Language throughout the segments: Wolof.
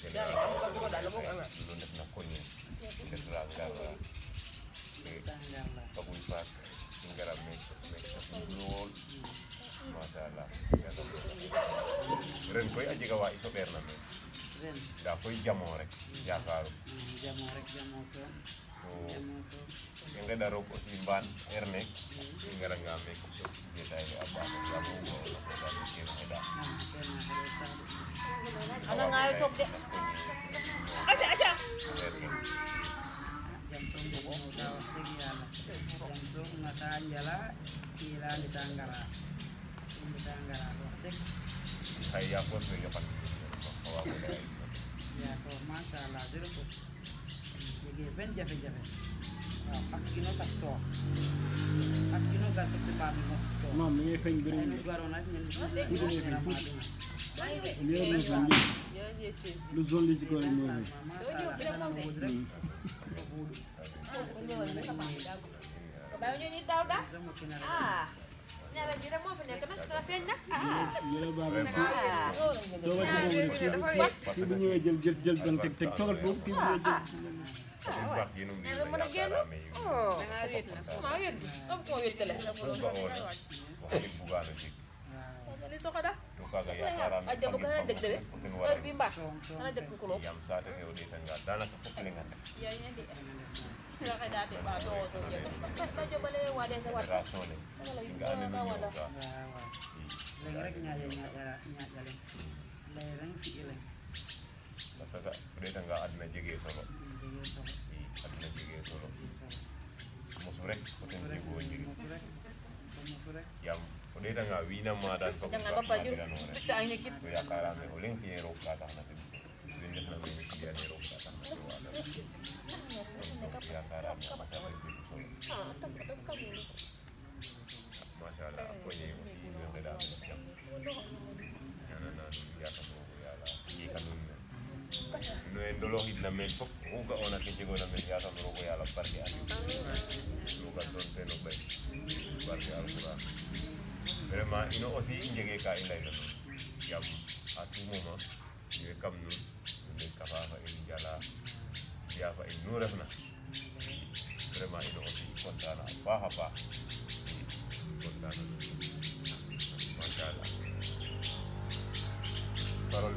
lulundak na jamorek jamorek yang simban hmm. apa kamu mau ada ada ngayo tok jafe-jafe waaw ak gino sax toog ak gino gal sa tubaab bi mos toog maam mi ngay feeñ bëri ñu garo nag ñun ku dina feeñ ku leer na sa lii lu zone li ci ko rek mooy ah ñaareel bi rek moo fi nekk nag dina feeñ nag ah. yéen a baax na kii boo ko defee kii bu ñëwee jël jël jël doon teg teg toogal boobu kii bu ñëwee jël. lagi, Oumba genum ni la yaakaara ne da ngaa wéet na maa wéet am koo wéetale waxi bugaana ci li soxada to kaga yaakaara ne ajabu kana deg debe heure bi mbaa kana deg ko lo yam sa te yow de tan nga danaka fukk li nga def yaa ñe de nga xay daate ba do do ba jobale wa de sa wat nga ane no wala legi rek ñaaje ñaajara ñaajale lay rang fi ilay parce que bu dee da ngaa àddina solo i àddina jege solo mosu rek foten jegoo njiri yam o ɗeeta nga wiina maɗan faɓaɗanoore o yakarame o leng fiye roog ka taxna ten wen ndefna mene fiyane roog ka taxna te waala donc yakarame allah jegu solo machallah a poñe doloxidna meen pok uga ga'oona ke jegoona meen ya la o yaal a barke an roga doon teen o ɓay barke alquran vraiment ino osi i njegee ka i layna nuun yaam à tout moment we kam nuun ne kafa fa in jala mbiya fa in nu refna vraiment ino osi i content a paax a paax content na nuun machallah parole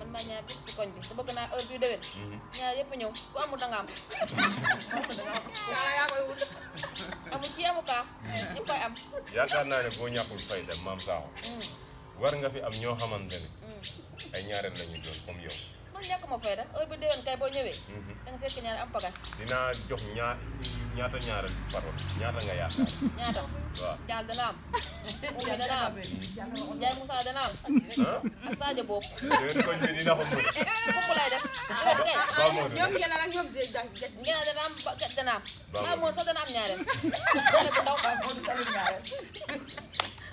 man maa ñaar biir si koñ bi te bëgg naa heure bii déwén. Mhm. ñaar yëpp ñëw ku amul danga am. waaw yaa koy wut. kaa mhm. ñëpp koy am. yaakaar naa ne boo ñàkkul fay dem maam Sakho. Mhm. war nga fi am ñoo xamante ne. ay ñaareel la ñu doon comme yow. man ñàkk ma fayda heure bi déwén kay boo ñëwee. da nga fekk ñaar am pagal. dinaa jox ñaar ñaata ñaareel pardon ñaata nga yaakaar. ñaata jaal dana am. Oumé dana am Ndiaye Moussa dana am. ak Sadio Bob. déwén koñ bi dina ko mën. fukk lay def. waaw moom ñoom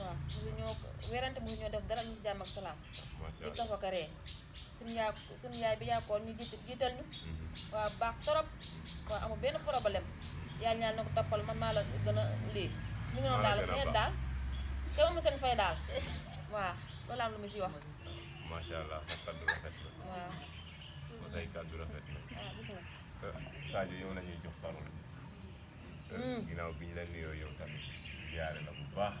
waaw mosuñoo werante mosuñoo def dara ñu ci jàmm ak salaam di kafa ka ree suñu yaa suñu yaay bi yaakoon ñu jiit jiital ñu waaw baax torop waaw amul benn problème yaa ñaan na ko toppal man maa la gën a lii ñu ngi noonu daal ngeen daal te amu seen fay daal waaw loolu am lu mu si wax macha allah sa kaddu rafet na waaw ma say kaddu rafet na waaw gis nga Sadio yow la ñuy jox parole ginnaaw bi la nuyoo yow tamit jaare la bu baax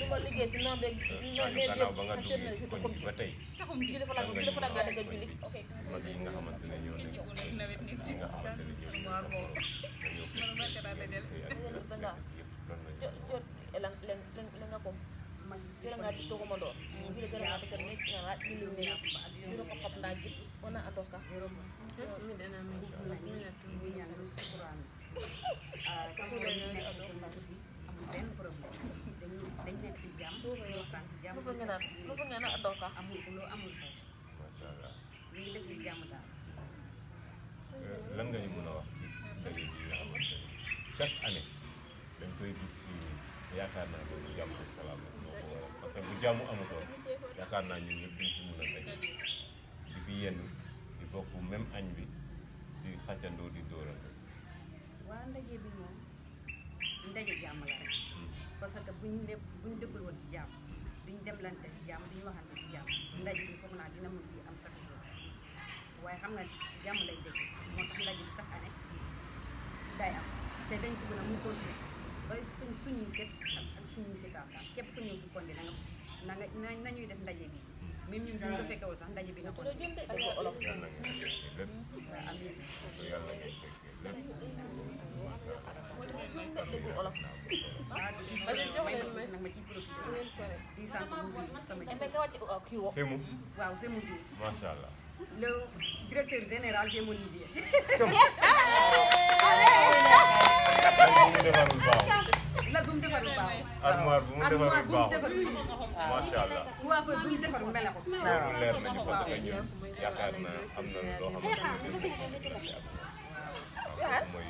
lu ma liggéey si non beeg. gannaaw ba nga duggee si kon bi ba tey. gi dafa làgg gi dafa làgg a dëgg julli. ok mag yi nga xamante ne ñoo nekk yi nga xamante ne ñoo nekk dañoo fekk la nga ko yore nga di togo ma door bi gara nga tekan ne nga la ni ne ni ko xop nda gi ona ando ka mi dana mi na mi na tu mi na lu sukuran ah sampo ne ne ko nda a foofu lan nga ñu mën a wax daje ji nga xamante ne naa loolu jàmm ak ko waral parce que bu jàmm amutoon yaakaar naa ñun ñëpp dañ fi a daje di fi yenn di bokk même añ bi di xàccandoo di dóorandoo. bi moom ndaje jàmm la rek. parce que buñ ne buñ dëggul woon si jàmm duñ demlante si jàmm duñ waxante si jàmm ndaje bi foog naa dina mun di am chaque jour waaye xam nga jàmm lay dëgg moo tax ndaje bi chaque année day am te dañ ko gën a mu continuer ba suñ suñuy set ak suñuy setaat daal képp ku ñëw si na nga na nga na def ndaje bi même ñun duñ ko fekkewul sax ndaje bi nga ko def ko olof yàlla ngeen fekkee lépp yàlla ngeen fekkee lépp Sémou. waaw Sémou Diouf. macha allah. le directeur général des menuisiers. la bu mu defarul baax. armoire bu mu defarul baax macha allah. waa fa bu mu defarul mel ko. loolu leer nañu parce que ñun yaakaar na am na loo xamante ne mooy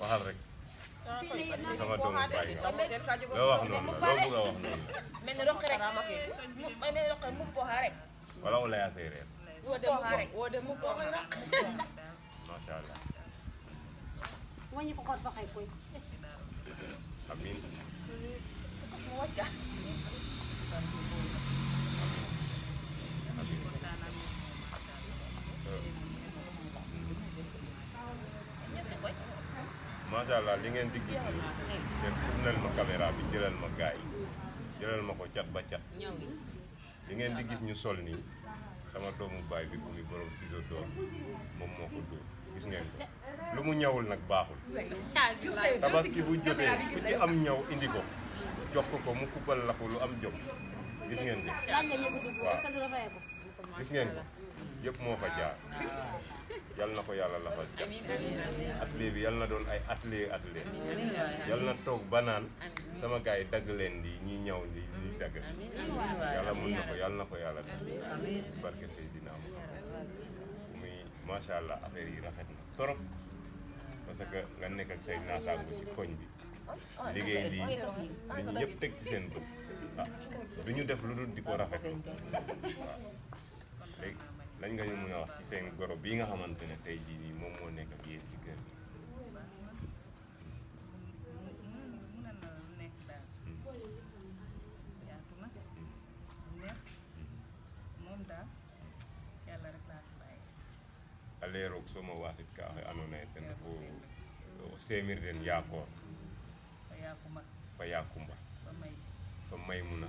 waxal rek sama doom baay nga nga wax noonu la loo bëgg wax noonu mel ni roqi rek may mel roqi mu poxa rek wala wala yaa séeréer poxa rek mu rek allah wani ko xor fa koy amin wacca amin macha allah li ngeen di gis nii te tournel ma caméra bi jëlal ma gaay jëlal ma ko cat ba cat li ngeen di gis ñu sol nii sama doomu baay bi bu muy borom ciseau d'or moom moo ko dóor gis ngeen ko lu mu ñawul nag baaxul tabaski bu jotee ku ci am ñaw indi ko jox ko ko mu kubbal la ko lu am jom gis ngeen ko waaw gis ngeen ko yëpp moo fa jaar yal na ko yàlla lafal cat atelier bi yal na doon ay atelier atelier yal na toog ba naan sama gaa yi dagg leen di ñi ñëw di dagg yàlla mun na ko yal na ko yàlla def barke Seydina Muhammad muy macha allah affaire yi rafet na torop parce que nga nekk ak say naataango ci koñ bi liggéey lii li ñu teg ci seen bët ah du ñu def lu dul di ko rafet waaw dañ nga ñu mën a wax ci seen goro bii nga xamante ne tey moom moo nekk ak yéen ci kër gi. aleeroog soma waasit kaaxe andoona ye ten fo o seemir yaakoor fa yaakumba fa may muna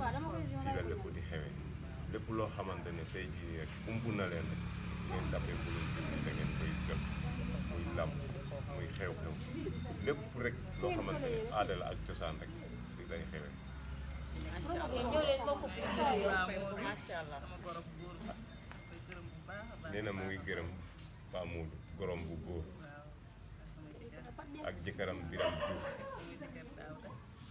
fii la di xewee lépp loo xamante ne tey jii rek na leen rek ngeen dappee mbulum jënd da ngeen koy jot muy làmb muy xew-xew rek ak rek di day xewee. macha allah ñoo leen gorom bu ak Biram Diouf.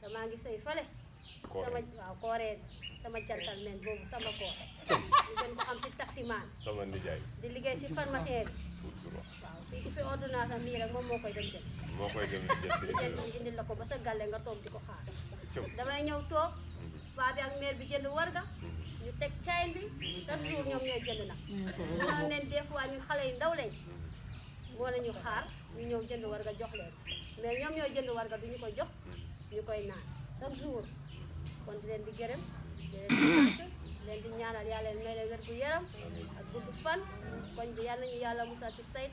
Sama maa ngi sëy sama waaw kooreen sama jantal men boobu sama koor ñu gën ko xam si taximaan sama nijaay di liggéey si pharmacien bi waaw fii ku fi ordonnance am nii rek moom moo koy dem jël moo koy dem jël si indil la ko ba sa galle nga toog di ko xaar damay ñëw toog mhm. paa bi ak mère bi jënd warga mhm. ñu teg caay bi chaque jour ñoom ñooy jënd nag dana mhm. leen des fois ñun xale yu ndaw lañ moo la ñu xaar ñu ñëw jënd warga jox leen mais ñoom ñooy jënd warga du ko jox yukoyna chaque jour kon di leen di gërëm di leen di sant leen di ñaanal yàlla may leen wérgu yaram ak gudd fan koñ bi yàlla ñu yàlla ak pexeb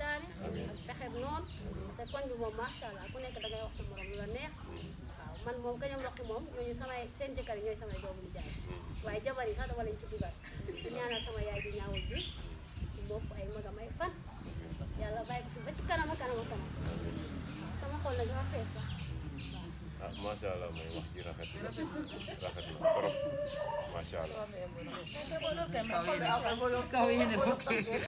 koñ bi allah ku nekk da ngay wax sa morom lu neex waaw man moom kañam roqi moom ñooñu samay seen jëkkër yi ñooy samay doomu jaay waaye jabar yi dama leen ci dugal di ñaanal sama yaay di ñaawul bi di bopp ay magam ay fan yàlla bàyyi ko fi ba ci kanam kanam sama xol nag dafa fees sax ah macha allah mooy wax ji rafet na rafet na trop macha allah. kaw yi ne